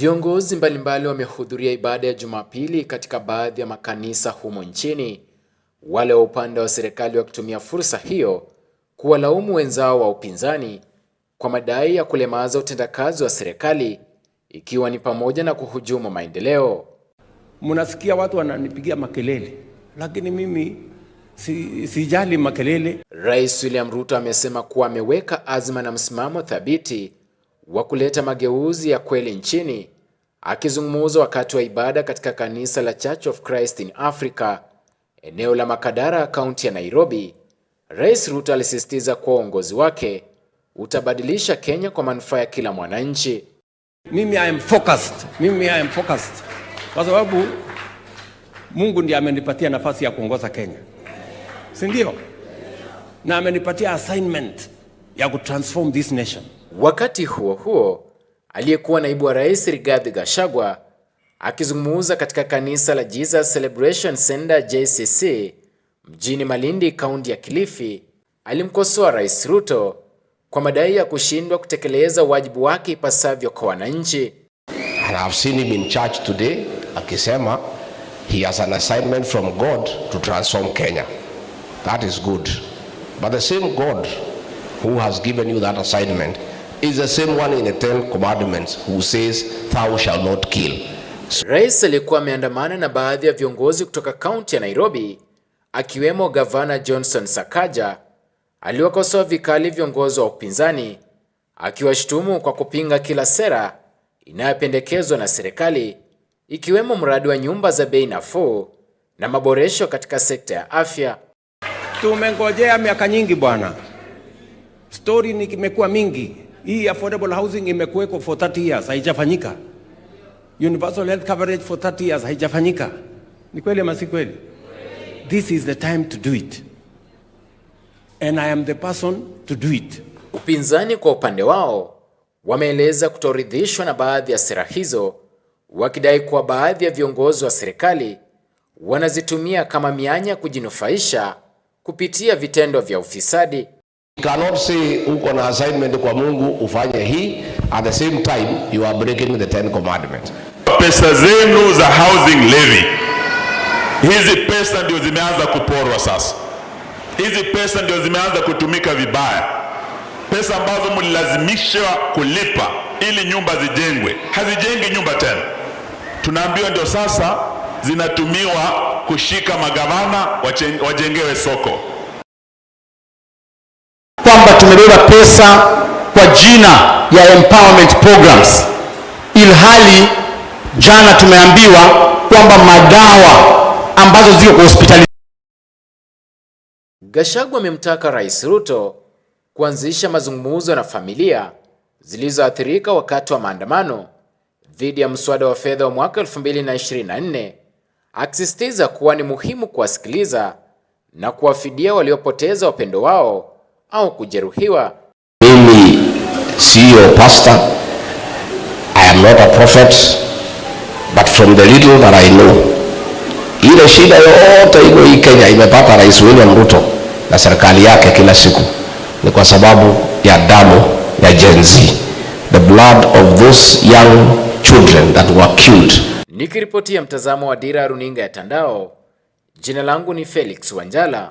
Viongozi mbalimbali wamehudhuria ibada ya Jumapili katika baadhi ya makanisa humo nchini, wale wa upande wa serikali wakitumia fursa hiyo kuwalaumu wenzao wa upinzani kwa madai ya kulemaza utendakazi wa serikali ikiwa ni pamoja na kuhujumu maendeleo. Mnasikia watu wananipigia makelele, lakini mimi si, sijali makelele. Rais William Ruto amesema kuwa ameweka azma na msimamo thabiti wa kuleta mageuzi ya kweli nchini. Akizungumza wakati wa ibada katika kanisa la Church of Christ in Africa eneo la Makadara, kaunti ya Nairobi, Rais Ruto alisisitiza kuwa uongozi wake utabadilisha Kenya kwa manufaa ya kila mwananchi. Mimi I am focused. Mimi I am focused kwa sababu Mungu ndiye amenipatia nafasi ya kuongoza Kenya, si ndio? Na amenipatia assignment ya kutransform this nation. Wakati huo huo, aliyekuwa naibu wa rais Rigathi Gachagua akizungumza katika kanisa la Jesus Celebration Center JCC mjini Malindi, kaunti ya Kilifi, alimkosoa Rais Ruto kwa madai ya kushindwa kutekeleza wajibu wake ipasavyo kwa wananchi. And I've seen him in church today akisema he has an assignment from God to transform Kenya. That is good. But the same God who has given you that assignment is the same one in the Ten Commandments who says thou shall not kill. So, Rais alikuwa ameandamana na baadhi ya viongozi kutoka kaunti ya Nairobi akiwemo Gavana Johnson Sakaja aliwakosoa vikali viongozi wa upinzani akiwashutumu kwa kupinga kila sera inayopendekezwa na serikali ikiwemo mradi wa nyumba za bei nafuu na maboresho katika sekta ya afya. Tumengojea miaka nyingi bwana. Story ni imekuwa mingi. Hii affordable housing imekuweko for 30 years haijafanyika. Universal health coverage for 30 years haijafanyika. Ni kweli ama si kweli? This is the time to do it. And I am the person to do it. Upinzani kwa upande wao wameeleza kutoridhishwa na baadhi ya sera hizo wakidai kuwa baadhi ya viongozi wa serikali wanazitumia kama mianya kujinufaisha kupitia vitendo vya ufisadi cannot say uko na assignment kwa Mungu ufanye hii at the same time you are breaking the Ten commandments. Pesa zenu za housing levy, hizi pesa ndio zimeanza kuporwa sasa. Hizi pesa ndio zimeanza kutumika vibaya. Pesa ambazo mlilazimishwa kulipa ili nyumba zijengwe, hazijengi nyumba tena. Tunaambiwa ndio sasa zinatumiwa kushika magavana wajengewe soko kwamba tumebeba pesa kwa jina ya empowerment programs, ilhali jana tumeambiwa kwamba madawa ambazo ziko kwa hospitali. Gachagua amemtaka Rais Ruto kuanzisha mazungumzo na familia zilizoathirika wakati wa maandamano dhidi ya mswada wa fedha wa mwaka 2024 akisisitiza kuwa ni muhimu kuwasikiliza na kuwafidia waliopoteza wapendo wao au kujeruhiwa. Mimi siyo e pastor, I am not a prophet, but from the little that I know, ile shida yote iko hii Kenya imepata Rais William Ruto na serikali yake kila siku ni kwa sababu ya damu ya Gen Z, the blood of those young children that were killed. ya mtazamo wa Dira Runinga ya Tandao, jina langu ni Felix Wanjala.